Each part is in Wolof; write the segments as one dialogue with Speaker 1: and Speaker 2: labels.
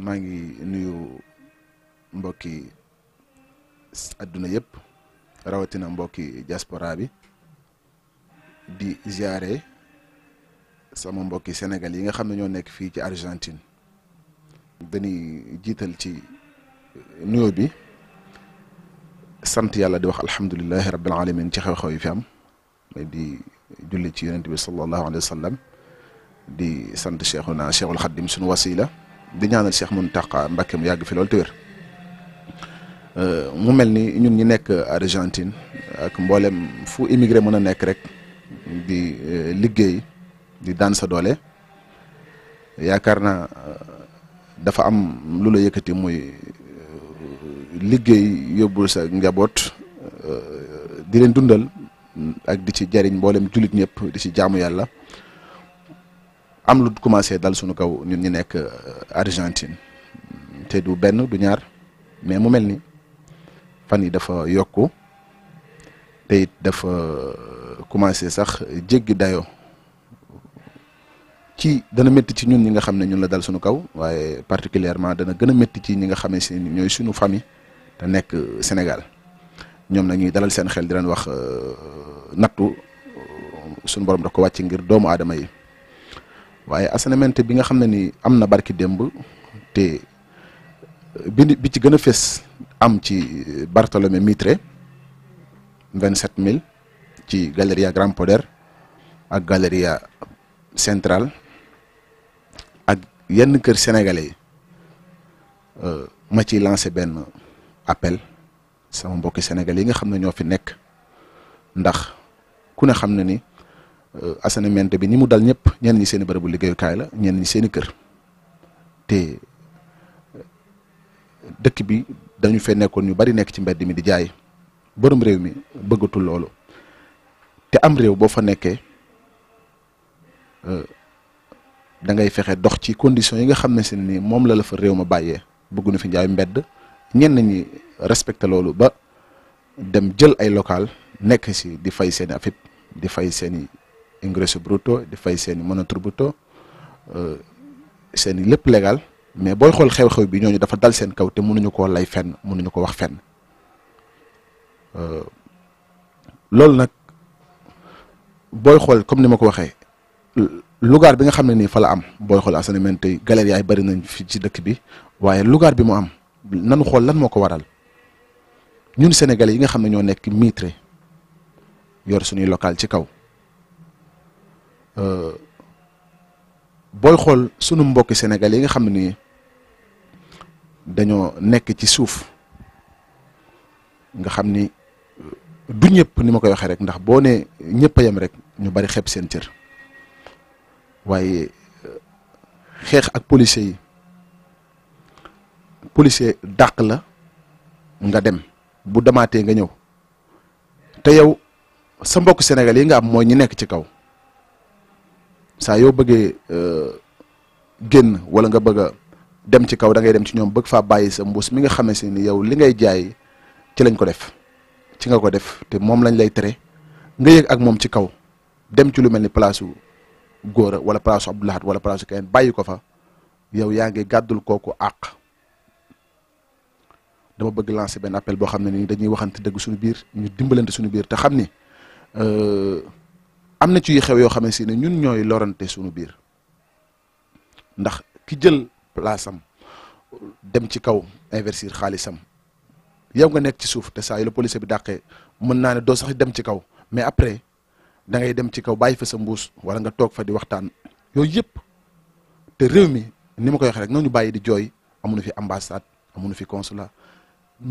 Speaker 1: maa ngi nuyu mbokki àdduna yëpp rawatina mbokki diaspora bi di ziare sama mbokki Sénégal yi nga xam ne ñoo nekk fii ci Argentine dañuy jiital ci nuyo bi sant yàlla di wax alhamdulilahi rabbil alamin ci xew-xew yi fi am di julli ci yonent bi sallallahu alayhi wa sallam di sant cheikhuna cheikhul xaddim wasila di ñaanal Cheikh Mountakha Mbacké mu yàgg fi loolu te wér euh, mu mel ni ñun ñi nekk Argentine ak mbooleem fu immigré mën a nekk rek di euh, liggéey di daan sa doole yaakaar naa euh, dafa am lu la yëkkati mooy liggéey yóbbul sa njaboot di leen dundal ak di ci jariñ mboolem jullit ñëpp di ci jaamu yàlla am lu commencé dal suñu kaw ñun ñu nekk euh, Argentine te du benn du ñaar mais mu mel ni fan yi dafa yokk te dafa euh, commencé sax jéggi dayoo ci dana métti ci ñun ñi nga xam ne ñun la dal suñu kaw waaye particulièrement dana gën a métti ci ñi nga xamee si ñooy suñu famille te nekk Sénégal ñoom nag ñuy dalal seen xel di leen wax euh, nattu sunu borom da ko wàcc ngir doomu aadama yi waaye assainissement bi nga xam ne ni am na barki démb te euh, bi bi ci gën a fés am ci euh, Bartholomé Mitre vingt sept mille ci galeria Grand Poder ak galeria central ak yenn kër sénégalais yi euh, ma ci lancé benn appel sama mbokki sénégal yi nga xam ne ñoo fi nekk ndax ku ne xam ne ni Euh, assainissement bi ni mu dal ñëpp ñenn ñi seeni i bërëbu kaay la ñenn ñi seeni kër te euh, dëkk bi dañu fee nekkoon ñu bari nekk ci mbedd mi di jaay borom réew mi bëggatul loolu te am réew boo fa nekkee euh, da ngay fexe dox ci conditions yi nga xam ne si ni moom la la fa réew ma bàyyee bëgguñu fi jaay mbedd ñenn ñi respecté loolu ba dem jël ay local nekk si di fay seen i di fay seeni ingresso bruto di fay seen i monotributo euh, seen i lépp légal mais booy xool xew-xew bi ñooñu dafa dal seen kaw te mënuñu koo lay fenn mënuñu ko wax fenn euh, loolu nag booy xool comme ni ma ko waxee lugaar bi nga xam ne nii fa la am booy xool assainiment tey galère yaay bëri nañ fi ci dëkk bi waaye lugaar bi mu am nanu xool lan moo ko waral ñun sénégalais yi nga xam ne ñoo nekk mitre yor suñuy local ci kaw Euh, booy xool sunu mbokki Sénégal yi nga xam ni dañoo nekk ci suuf nga xam ni euh, du ñëpp ni ma koy waxee rek ndax boo ne ñëpp a yem rek ñu bari xeeb seen cër waaye euh, xeex ak policiers yi policier dàq la nga dem bu demaatee nga ñëw te yow sa mbokk Sénégal yi nga am mooy ñu nekk ci kaw saa yoo bëggee euh, génn wala nga bëgg a dem ci kaw da ngay dem ci ñoom bëgg faa bàyyi sa mbuus mi nga xamee si ni yow li ngay jaay ci lañ ko def ci nga ko def te moom lañ lay tere nga yëg ak moom ci kaw dem ci lu mel ni place góora wala place Abdou Lahad wala place keneen bàyyi ko fa yow yaa ngi gàddul kooku àq dama bëgg lancer benn appel boo xam ne nii dañuy waxante dëgg suñu biir ñu dimbalante suñu biir te xam ni. Euh, am na ci yu xew yoo xam ne si ne ñun ñooy lorante sunu biir ndax ki jël place am dem ci kaw investir xaalisam yow nga nekk ci suuf te saa yu la police bi dàqee mën naa ne doo sax dem ci kaw mais après da ngay dem ci kaw bàyyi fa sa mbuus wala nga toog fa di waxtaan yooyu yëpp te réew mi ni ma koy waxee rek noonu ñu bàyyi di jooy amuñu fi ambassade amuñu fi consula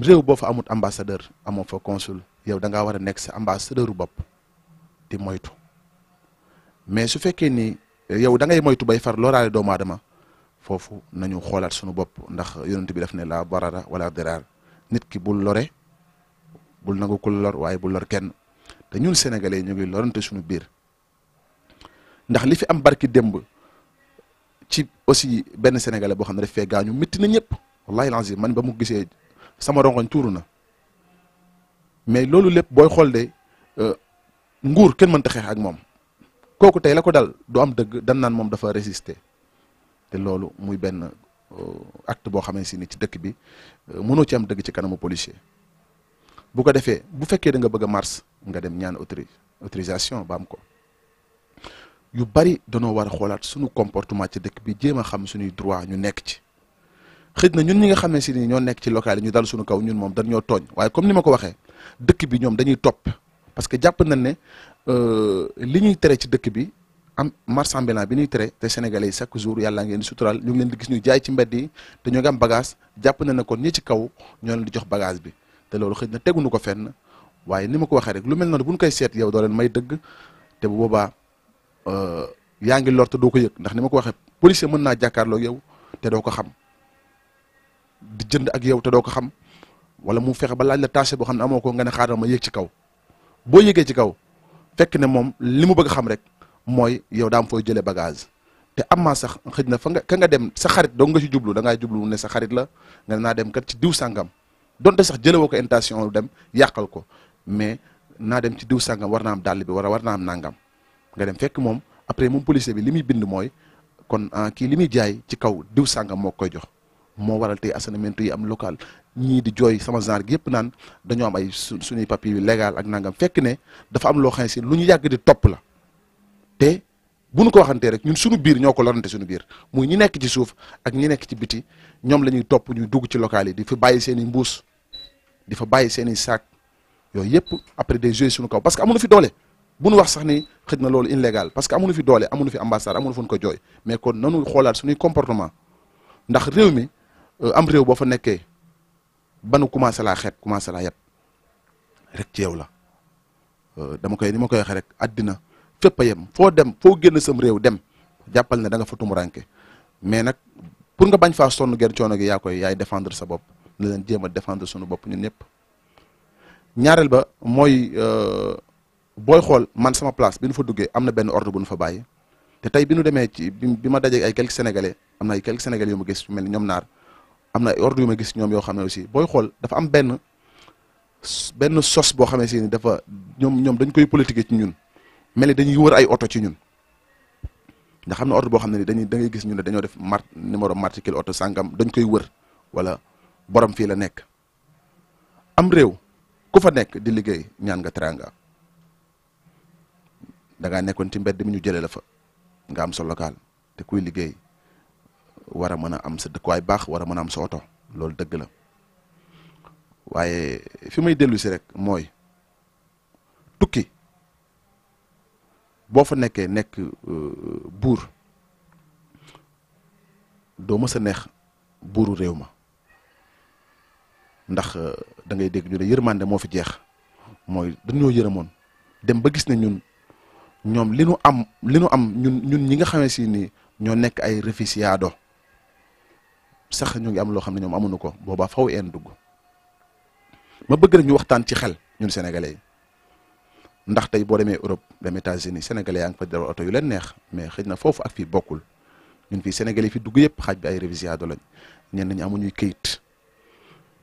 Speaker 1: réew boo fa amut ambassadeur amoo fa consul yow da ngaa war a nekk sa ambassadeur bopp di moytu. mais su fekkee ni eh, yow da ngay moytu bay far loraale doomu adama foofu nañu xoolaat suñu bopp ndax yonent bi daf ne la barara wala diraar nit ki bul lore bul nangu ku lor waaye bul lor kenn te ñun sénégalais ñu ngi lorante suñu biir ndax li fi am barki demb ci aussi benn sénégalais boo xam ne daf fee gaañu métti na ñëpp wallahi lazim man ba mu gisee sama rongoñ tuuru na mais loolu lépp booy xool de eh, nguur kenn mënta xeex ak moom. kooku tey la ko dal du am dëgg dan naan moom dafa résister te loolu muy benn euh, act boo xamee si ni ci dëkk bi euh, mënoo ci am dëgg ci kanamu policier bu ko defee bu fekkee da nga bëgg a mars nga dem ñaan autori autorisation ba am ko yu bari danoo war a xoolaat sunu comportement ci dëkk bi jéem a xam suñuy droit ñu nekk ci xëj na ñun ñi nga xam ne si ni ñoo nekk ci local ñu dal suñu kaw ñun moom dañoo tooñ waaye comme ni ma ko waxee dëkk bi ñoom dañuy topp parce que jàpp nañ ne Euh, li ñuy teree ci dëkk bi am marchand ambulant bi ñuy tere te sénégalais yi chaque jour yàlla ngeen sutural ñu ngi leen di gis ñu jaay ci mbedd yi te ñoo ngi am bagage jàpp na ne ko ñi ci kaw ñoo leen di jox bagage bi te loolu xëy na teguñu ko fenn waaye ni ma ko waxee rek lu mel noonu bu ñu koy seet yow doo may dëgg te bu boobaa euh, yaa ngi lor te ko yëg ndax ni ma ko waxee policier mën naa jàkkaarloo yow te doo ko xam di jënd ak yow te doo ko xam wala mu fexe ba laaj la tâche boo xam ne amoo ko nga ne xaaral ma yéeg ci kaw boo yëgee ci kaw. fekk ne moom li mu bëgg xam rek mooy yow daam fooy jëlee bagage te am maa sax xëj na fa nga ka nga dem sa xarit dong nga ci jublu da ngaa jublu ne sa xarit la nga naa dem kat ci diw sàngam donte sax jëlewoo ko intention dem yàqal ko mais naa dem ci diw sàngam war na am dàll bi war war naa am nangam nga dem fekk moom après moom policier bi li muy bind mooy kon ah kii li muy jaay ci kaw diw sàngam moo koy jox moo waral te assainissement yi am local ñii di jooy sama genre gi yëpp naan dañoo am ay su suñuy papier yu légal ak nangam fekk ne dafa am loo xam si lu ñu yàgg di topp la te bu ñu ko waxantee ñun suñu biir ñoo ko lorante sunu biir muy ñi nekk ci suuf ak ñi nekk ci biti ñoom la ñuy topp ñuy dugg ci local yi di fa bàyyi seen i mbuus di fa bàyyi seen i saak yooyu yëpp après des jeux suñu kaw parce que amuñu fi doole bu ñu wax sax ni xëj na loolu illégal parce que amuñu fi doole amuñu fi ambassade amuñu fu ñu ko jooy mais kon nanu xoolaat suñuy comportement ndax réew mi. Euh, am réew boo fa nekkee banu commencé laa xeet commencé la yab rek ci yow la euh, dama koy ni ma koy waxee rek àddina fépp a yem foo dem foo génn sam réew dem jàppal ne danga nga tumuranke mais nag pour nga bañ faa sonn genn coono gi yaa koy yaay défendre sa bopp na leen jéem a défendre sunu bopp ñun ñëpp ñaareel ba mooy euh, booy xool man sama place bi nu fa duggee am na benn ordre bu nu fa bàyyi te tey bi nu demee ci bi ma dajee ay quelques sénégalais am na ay quelques sénégalais yu gis yu mel ni ñoom naar am na ay ordre yu ma gis ñoom yoo xam ne aussi booy xool dafa am benn benn sos boo xam ne dafa ñoom ñoom dañ koy politique ci ñun mel ni dañuy wër ay oto ci ñun nga xam ne ordre boo xam ne dañuy da ngay gis ñun ne dañoo def mart numéro matricule oto sàngam dañ koy wër wala borom fii la nekk am réew ku fa nekk di liggéey ñaan nga teranga da nekkoon ci mbedd mi ñu jëlee la fa nga am sa local te kuy liggéey war a mën a am sa dëkkuwaay baax war a mën a am sa oto loolu dëgg la waaye fi may dellu si rek mooy tukki boo fa nekkee nekk euh, buur doo mës a neex buuru réew ma ndax euh, da ngay dégg ñu ne yërmande moo fi jeex mooy dañoo yërëmoon dem ba gis ne ñun ñoom li nu am li nu am ñun ñun ñi nga xamee si ni ñoo nekk ay réfugiado sax ñu ngi am loo xam ne ñoom amu nu ko boobaa faw en dugg ma bëgg rek ñu waxtaan ci xel ñun sénégalais yi ndax tey boo demee Europe dem États-Unis sénégalais yaa ngi fa dara oto yu leen neex mais xëy na foofu ak fii bokkul ñun fii sénégalais fi dugg yëpp xaaj bi ay révisionado lañ ñenn ñi amuñuy këyit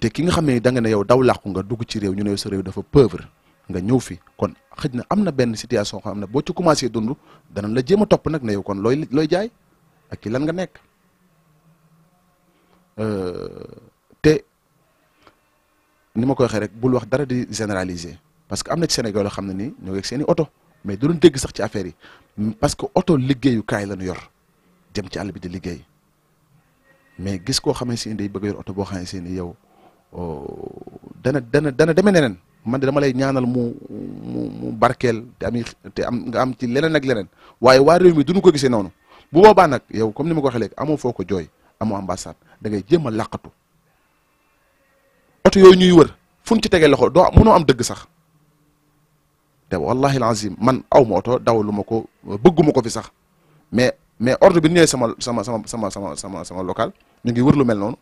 Speaker 1: te ki nga xam ne da nga ne yow daw làqu nga dugg ci réew ñu ne sa réew dafa pauvre nga ñëw fi kon xëj na am na benn situation am na boo ci commencé dund danañ la jéem a topp nag ne yow kon looy looy jaay ak ci lan nga nekk. Euh, te ni ma ko waxee rek bul wax dara di généraliser parce que am na ci Sénégal yoo xam ne nii ñoo ngi ak seen oto mais du doon dégg sax ci affaire yi parce que oto liggéeyukaay la ñu yor dem ci àll bi di liggéey mais gis koo xamee si day bëgg yor oto boo xamee si ni yow oh, dana dana dana demee neneen man de dama lay ñaanal mu mu mu barkeel te am nga am ci lenen ak leneen waaye waa réew mi duñu ko gisee noonu bu boobaa nag yow comme ni ma ko waxee léegi amoo foo ko jooy. amoo ambassade da ngay jéem a làqatu oto yooyu ñuy wër fu ñu ci tegee loxo doo mënoo am dëgg sax te wallahi alazim man aw ma oto dawalu ma ko bëgguma ko fi sax mais mais ordre bi ñëwee sama sama sama sama sama sama sama ñu ngi wër lu mel noonu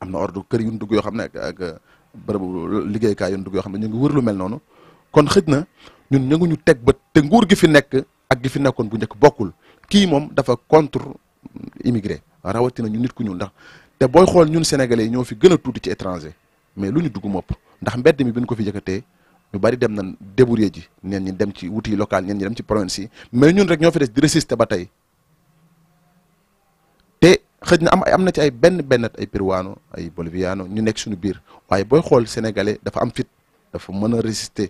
Speaker 1: am na ordre kër yu ñu yoo xam ne ak ak bërëbu liggéeykaay yu ñu yoo xam ne ñu ngi wër lu mel noonu kon xëj na ñun ñu ngi ñu teg ba te nguur gi fi nekk ak gi fi nekkoon bu njëkk bokkul kii moom dafa contre immigré rawatina ñu nit ku ñuul ndax te booy xool ñun sénégalais yi ñoo fi gën a tuuti ci étranger mais lu ñu dugg mop ndax mbedd mi bi ko fi jëkka yëkkatee ñu bari dem na débrouiller ji ñen ñi dem ci wuti local ñen ñi dem ci province yi mais ñun rek ñoo fi des di résister ba tey te xëj na am am na ci ay benn benn ay peruano ay boliviano ñu nekk suñu biir waaye booy xool sénégalais dafa am fit dafa mën a résister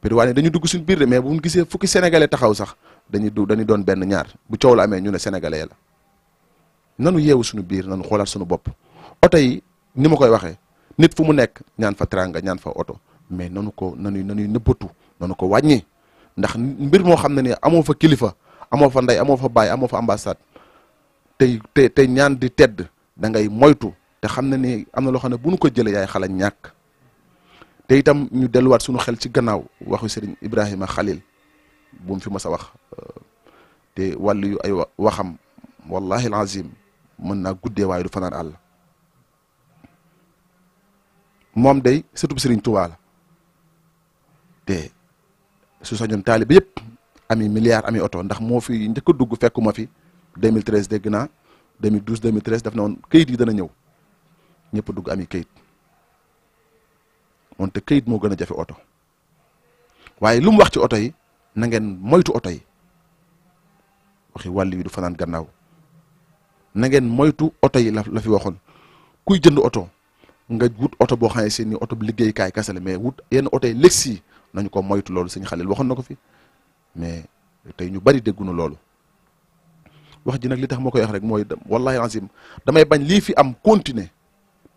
Speaker 1: peruano dañu dugg suñu biir de mais bu ñu gisee fukki sénégalais taxaw sax dañuy du dañuy doon benn ñaar bu coow la amee ñu ne sénégalais la. nanu yeewu suñu biir nanu xoolaat suñu bopp oto yi ni ma koy waxee nit fu mu nekk ñaan fa teranga ñaan fa oto mais nanu ko nanuy nanuy nëbbatu nanu ko wàññi ndax mbir moo xam ne ni amoo fa kilifa amoo fa ndey amoo fa baay amoo fa ambassade tey te ñaan di tedd da ngay moytu te xam ne ni am na loo xam ne bu nu ko jëlee yaay xala ñàkk te itam ñu delluwaat suñu xel ci gannaaw waxu Serigne Ibrahima Khalil bu mu fi mas wax euh, te wàllu yu waxam wallahi alazim mën naa guddee waaye du fanaan àll moom day sëtub Sëriñ Tuubaa te su sañoon taalibe yëpp ami milliard ami oto ndax moo fi njëkk dugg fekkuma fi 2013 dégg naa 2012 2013 daf na woon kayit yi dana ñëw ñëpp dugg ami kayit moom kayit moo gën a jafe oto waaye lu mu wax ci oto yi na ngeen moytu oto yi waxi wàll yi du fanaan gannaaw na ngeen moytu oto yi la la fi waxoon kuy jënd oto nga wut oto boo xam ne ni oto bu liggéeykaay kese la mais wut yenn oto yi lex yi nañu ko moytu loolu sëñ Xalil waxoon na ko fi mais tey ñu bari dégguñu loolu wax ji nag li tax moo koy wax rek mooy wallahi azim damay bañ lii fi am continuer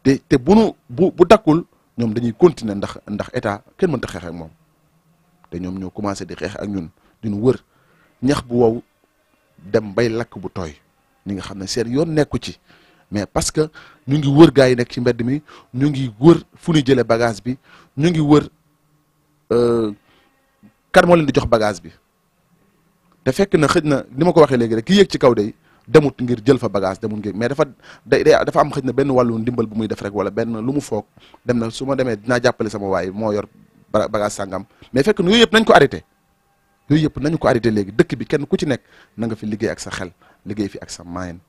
Speaker 1: te te bu nu bu dakkul ñoom dañuy continuer ndax ndax état kenn mënta xeex moom te ñoom ñoo commencé di xeex ak ñun ñun wër ñax bu wow dem bay lakk bu tooy ñi nga xam ne seen yoon nekku ci mais parce que ñu ngi wër gars yi nekk ci mbedd mi ñu ngi wër fu ñu jëlee bagage bi ñu ngi wër euh, kan moo leen di jox bagage bi te fekk na xëj na ni ma ko waxee léegi rek ki yéeg ci kaw day demut ngir jël fa bagage demut ngir mais dafa day dafa am xëj na benn wàllu ndimbal bu muy def rek wala benn lu mu foog dem na su ma demee dinaa jàppale sama waay moo yor bagage sàngam mais fekk na yooyu yëpp nañ ko arrêté. yooyu yëpp nañu ko arrêté léegi dëkk bi kenn ku ci nekk nanga nga fi liggéey ak sa xel liggéey fi ak sa maayen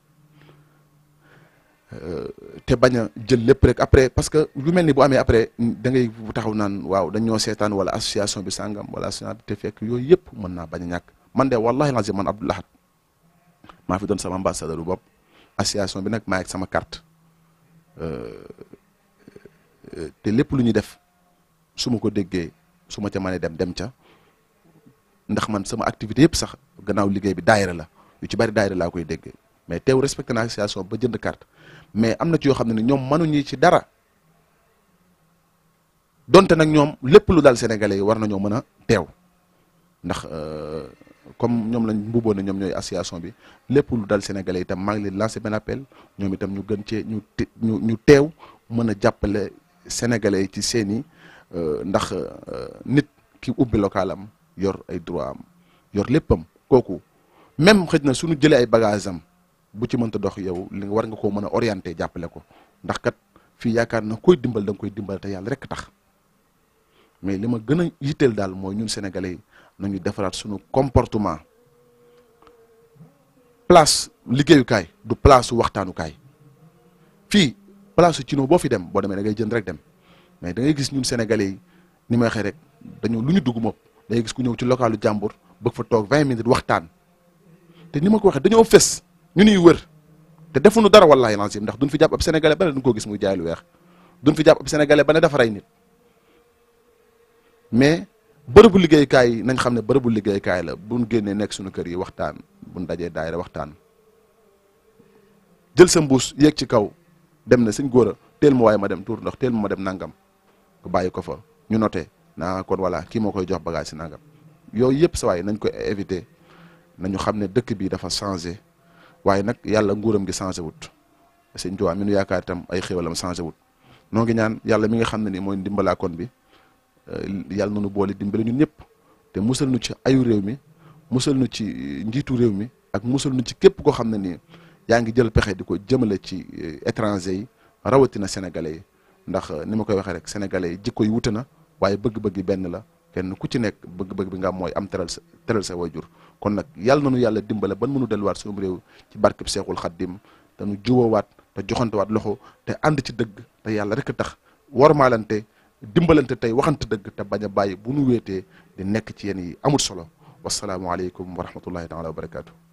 Speaker 1: euh, te bañ a jël lépp rek après parce que lu mel ni boo amee après dangay bu taxaw naan waaw dañ ñoo seetaan wala association bi sàngam wala association te fekk yooyu yëpp mën naa bañ a ñàkk man de wallahi lazim man Abdou Lahad maa fi doon sama ambassadeur bu bopp association bi nag maa ak sama carte euh, euh, te lépp lu ñuy def su ma ko déggee su ma ca mënee dem dem ca ndax man sama activité yëpp sax gannaaw liggéey bi daayira la yu ci bari daayira laa koy déggee mais teew respecté naa association ba jënd carte mais am na ci yoo xam ne ni ñoom mënuñu ci dara donte nag ñoom lépp lu daal sénégalais yi war nañoo mën a teew ndax euh, comme ñoom lañ mbuboo ne ñoom ñooy association bi lépp lu dal sénégalais itam maa ngi leen lancé benn appel ñoom itam ñu gën cee ñu ñu ñu teew mën a jàppale sénégalais yi ci seeni euh, ndax euh, nit ki ubbi local am yor ay droit am yor léppam kooku même xëj na suñu jëlee ay bagage am bu ci mënta dox yow li nga war nga koo mën a orienté jàppale ko ndax kat fii yaakaar na koy dimbal da nga koy dimbal te yàlla rek tax mais li ma gën a yitteel daal mooy ñun sénégalais yi defaraat suñu comportement place liggéeyukaay du place su waxtaanukaay fii place su cino boo fi dem boo demee da ngay jënd rek dem mais da gis ñun sénégalais yi ni may waxee rek dañoo lu ñu dugg moom day gis ñëw ci localu jàmbur bëgg fa toog vingt minutes waxtaan te ni ma ko waxee dañoo fës ñu nuy wër te defuñu dara wallaahi lancim ndax duñ fi jàpp ab sénégalais ba gis muy jaay weex duñ fi jàpp ab sénégalais ba nit mais bërëbu liggéeykaay yi nañ xam ne bërëbu liggéeykaay la buñ génnee nekk suñu kër yi waxtaan buñ dajee daayira waxtaan jël sa mbuus yeeg ci kaw dem na suñ góor a teel ma waaye ma dem tuur ndox teel ma ma dem nangam ko bàyyi ko fa ñu noté naa kon voilà kii moo koy jox bagage si nangam yooyu yëpp sa waaye nañ ko éviter nañu xam ne dëkk bi dafa changé waaye nag yàlla nguuram gi changé wut sëñ Tuubaa mi nu yaakaar itam ay xéwalam changé wut noo ngi ñaan yàlla mi nga xam ne ni mooy ndimbalaakoon bi euh, yàlla na nu boole dimbali ñun ñëpp te musal nu ci ayu réew mi musal nu ci euh, njiitu réew mi ak musal nu ci képp koo xam ne nii yaa ngi jël pexe di ko jëmale ci euh, étranger yi rawatina sénégalais yi ndax ni ma koy waxee rek sénégalais yi jikko wute na. waaye bëgg-bëgg yi benn la kenn ku ci nekk bëgg-bëgg bi nga am mooy am teral sa teral sa kon nag yàlla na nu yàlla dimbale ban mënu delluwaat suñu réew ci barkeb Seexul Xaddim te nu juwawaat te joxantewaat loxo te ànd ci dëgg te yàlla rek tax wormaalante dimbalante tey waxante dëgg te bañ a bàyyi bu nu wéetee di nekk ci yéen yi amul solo wasalaamualeykum wa rahmatullahi taala wa barakaatu.